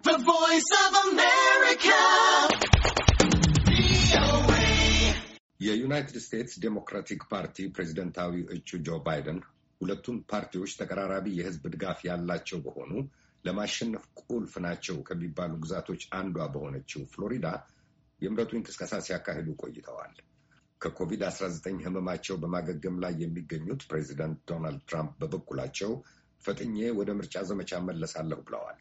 The Voice of America. የዩናይትድ ስቴትስ ዴሞክራቲክ ፓርቲ ፕሬዚደንታዊ እጩ ጆ ባይደን ሁለቱም ፓርቲዎች ተቀራራቢ የሕዝብ ድጋፍ ያላቸው በሆኑ ለማሸነፍ ቁልፍ ናቸው ከሚባሉ ግዛቶች አንዷ በሆነችው ፍሎሪዳ የምረጡኝ ቅስቀሳ ሲያካሂዱ ቆይተዋል። ከኮቪድ-19 ህመማቸው በማገገም ላይ የሚገኙት ፕሬዚደንት ዶናልድ ትራምፕ በበኩላቸው ፈጥኜ ወደ ምርጫ ዘመቻ መለሳለሁ ብለዋል።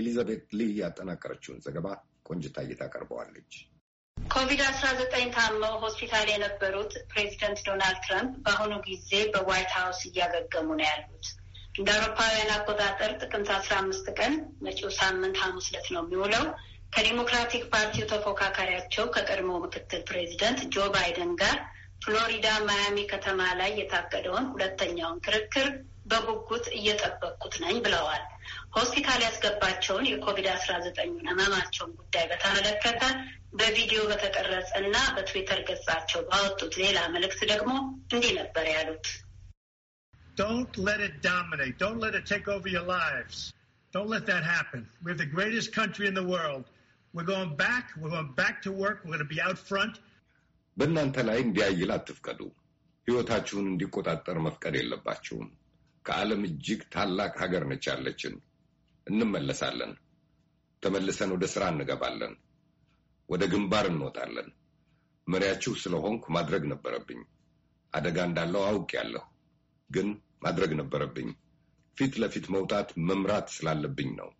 ኤሊዛቤት ሊ ያጠናቀረችውን ዘገባ ቆንጅታ ታቀርበዋለች። ኮቪድ አስራ ዘጠኝ ታመው ሆስፒታል የነበሩት ፕሬዚደንት ዶናልድ ትራምፕ በአሁኑ ጊዜ በዋይት ሀውስ እያገገሙ ነው ያሉት። እንደ አውሮፓውያን አቆጣጠር ጥቅምት አስራ አምስት ቀን መጪው ሳምንት ሐሙስ ዕለት ነው የሚውለው ከዲሞክራቲክ ፓርቲው ተፎካካሪያቸው ከቀድሞ ምክትል ፕሬዚደንት ጆ ባይደን ጋር ፍሎሪዳ ማያሚ ከተማ ላይ የታገደውን ሁለተኛውን ክርክር በጉጉት እየጠበቁት ነኝ ብለዋል። ሆስፒታል ያስገባቸውን የኮቪድ አስራ ዘጠኙን ህመማቸውን ጉዳይ በተመለከተ በቪዲዮ በተቀረጸ እና በትዊተር ገጻቸው ባወጡት ሌላ መልእክት ደግሞ እንዲህ ነበር ያሉት። Don't let it dominate. Don't let it take over your lives. Don't let that happen. We're the greatest country in the world. We're going back. We're going back to work. We're going to be out front. በእናንተ ላይ እንዲያይል አትፍቀዱ። ሕይወታችሁን እንዲቆጣጠር መፍቀድ የለባችሁም። ከዓለም እጅግ ታላቅ ሀገር ነች ያለችን። እንመለሳለን። ተመልሰን ወደ ሥራ እንገባለን። ወደ ግንባር እንወጣለን። መሪያችሁ ስለሆንኩ ማድረግ ነበረብኝ። አደጋ እንዳለው አውቄያለሁ፣ ግን ማድረግ ነበረብኝ። ፊት ለፊት መውጣት መምራት ስላለብኝ ነው።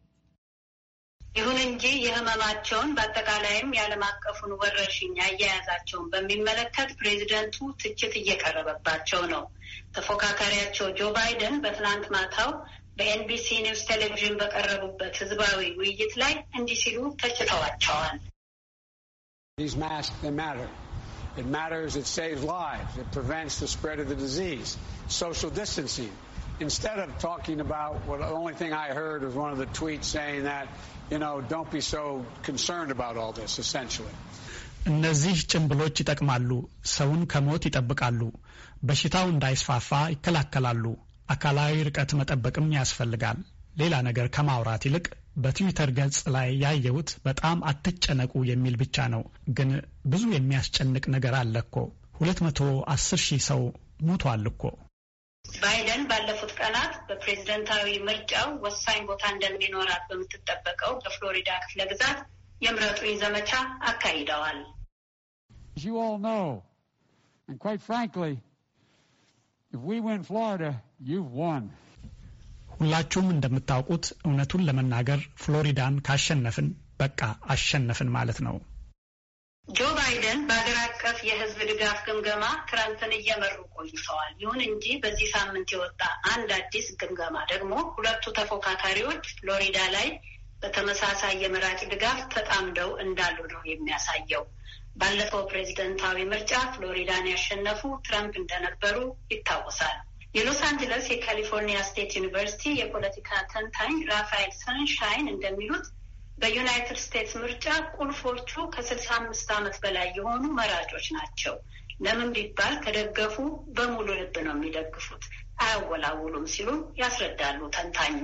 ይሁን እንጂ የህመማቸውን በአጠቃላይም የዓለም አቀፉን ወረርሽኝ አያያዛቸውን በሚመለከት ፕሬዚደንቱ ትችት እየቀረበባቸው ነው። ተፎካካሪያቸው ጆ ባይደን በትናንት ማታው በኤንቢሲ ኒውስ ቴሌቪዥን በቀረቡበት ህዝባዊ ውይይት ላይ እንዲህ ሲሉ ተችተዋቸዋል። It matters, it saves lives, it prevents the spread of the disease. Social distancing instead of talking about what the only thing I heard was one of the tweets saying that, you know, don't be so concerned about all this, essentially. እነዚህ ጭንብሎች ይጠቅማሉ፣ ሰውን ከሞት ይጠብቃሉ፣ በሽታው እንዳይስፋፋ ይከላከላሉ፣ አካላዊ ርቀት መጠበቅም ያስፈልጋል። ሌላ ነገር ከማውራት ይልቅ በትዊተር ገጽ ላይ ያየሁት በጣም አትጨነቁ የሚል ብቻ ነው። ግን ብዙ የሚያስጨንቅ ነገር አለ እኮ። ሁለት መቶ አስር ሺህ ሰው ሙቷል እኮ። ባይደን ባለፉት ቀናት በፕሬዝደንታዊ ምርጫው ወሳኝ ቦታ እንደሚኖራት በምትጠበቀው በፍሎሪዳ ክፍለ ግዛት የምረጡኝ ዘመቻ አካሂደዋል። ሁላችሁም እንደምታውቁት እውነቱን ለመናገር ፍሎሪዳን ካሸነፍን በቃ አሸነፍን ማለት ነው። ጆ ባይደን በሀገር አቀፍ የህዝብ ድጋፍ ግምገማ ትራምፕን እየመሩ ቆይተዋል። ይሁን እንጂ በዚህ ሳምንት የወጣ አንድ አዲስ ግምገማ ደግሞ ሁለቱ ተፎካካሪዎች ፍሎሪዳ ላይ በተመሳሳይ የመራጭ ድጋፍ ተጣምደው እንዳሉ ነው የሚያሳየው። ባለፈው ፕሬዚደንታዊ ምርጫ ፍሎሪዳን ያሸነፉ ትራምፕ እንደነበሩ ይታወሳል። የሎስ አንጀለስ የካሊፎርኒያ ስቴት ዩኒቨርሲቲ የፖለቲካ ተንታኝ ራፋኤል ሰንሻይን እንደሚሉት በዩናይትድ ስቴትስ ምርጫ ቁልፎቹ ከስልሳ አምስት ዓመት በላይ የሆኑ መራጮች ናቸው። ለምን ቢባል ከደገፉ በሙሉ ልብ ነው የሚደግፉት፣ አያወላውሉም ሲሉ ያስረዳሉ ተንታኙ።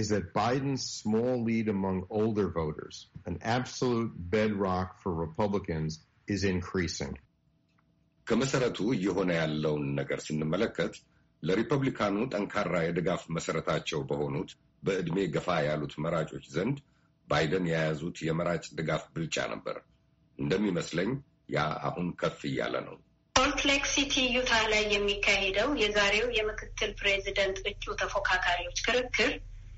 is that Biden's small lead among older voters, an absolute bedrock for Republicans, is increasing. ከመሰረቱ እየሆነ ያለውን ነገር ስንመለከት ለሪፐብሊካኑ ጠንካራ የድጋፍ መሰረታቸው በሆኑት በዕድሜ ገፋ ያሉት መራጮች ዘንድ ባይደን የያዙት የመራጭ ድጋፍ ብልጫ ነበር። እንደሚመስለኝ ያ አሁን ከፍ እያለ ነው። ሶልት ሌክ ሲቲ ዩታ ላይ የሚካሄደው የዛሬው የምክትል ፕሬዚደንት እጩ ተፎካካሪዎች ክርክር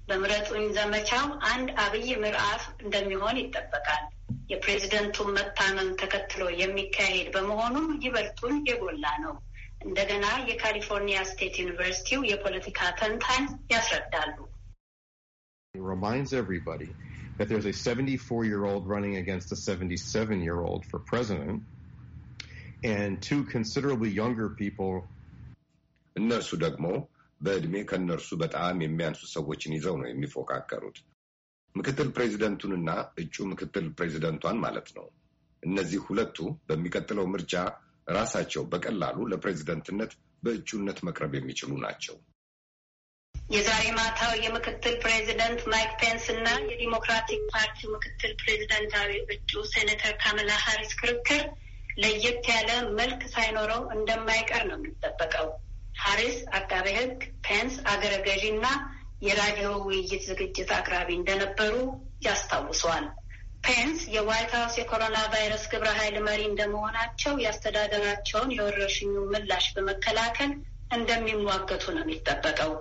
በምረጡኝ ዘመቻው አንድ አብይ ምዕራፍ እንደሚሆን ይጠበቃል። የፕሬዚደንቱን መታመም ተከትሎ የሚካሄድ በመሆኑም ይበልጡን የጎላ ነው። እንደገና የካሊፎርኒያ ስቴት ዩኒቨርሲቲው የፖለቲካ ተንታኝ ያስረዳሉ። እነርሱ ደግሞ በዕድሜ ከእነርሱ በጣም የሚያንሱ ሰዎችን ይዘው ነው የሚፎካከሩት። ምክትል ፕሬዚደንቱንና እጩ ምክትል ፕሬዚደንቷን ማለት ነው። እነዚህ ሁለቱ በሚቀጥለው ምርጫ ራሳቸው በቀላሉ ለፕሬዝደንትነት በእጩነት መቅረብ የሚችሉ ናቸው። የዛሬ ማታው የምክትል ፕሬዚደንት ማይክ ፔንስ እና የዲሞክራቲክ ፓርቲው ምክትል ፕሬዚደንታዊ እጩ ሴኔተር ካመላ ሀሪስ ክርክር ለየት ያለ መልክ ሳይኖረው እንደማይቀር ነው የሚጠበቀው። ሀሪስ አቃቤ ሕግ፣ ፔንስ አገረ ገዢ እና የራዲዮ ውይይት ዝግጅት አቅራቢ እንደነበሩ ያስታውሰዋል። ፔንስ የዋይት ሀውስ የኮሮና ቫይረስ ግብረ ኃይል መሪ እንደመሆናቸው ያስተዳደራቸውን የወረርሽኙ ምላሽ በመከላከል እንደሚሟገቱ ነው የሚጠበቀው።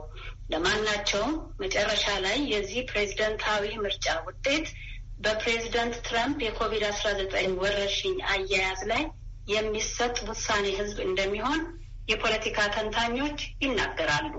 ለማናቸውም መጨረሻ ላይ የዚህ ፕሬዝደንታዊ ምርጫ ውጤት በፕሬዝደንት ትራምፕ የኮቪድ አስራ ዘጠኝ ወረርሽኝ አያያዝ ላይ የሚሰጥ ውሳኔ ህዝብ እንደሚሆን የፖለቲካ ተንታኞች ይናገራሉ።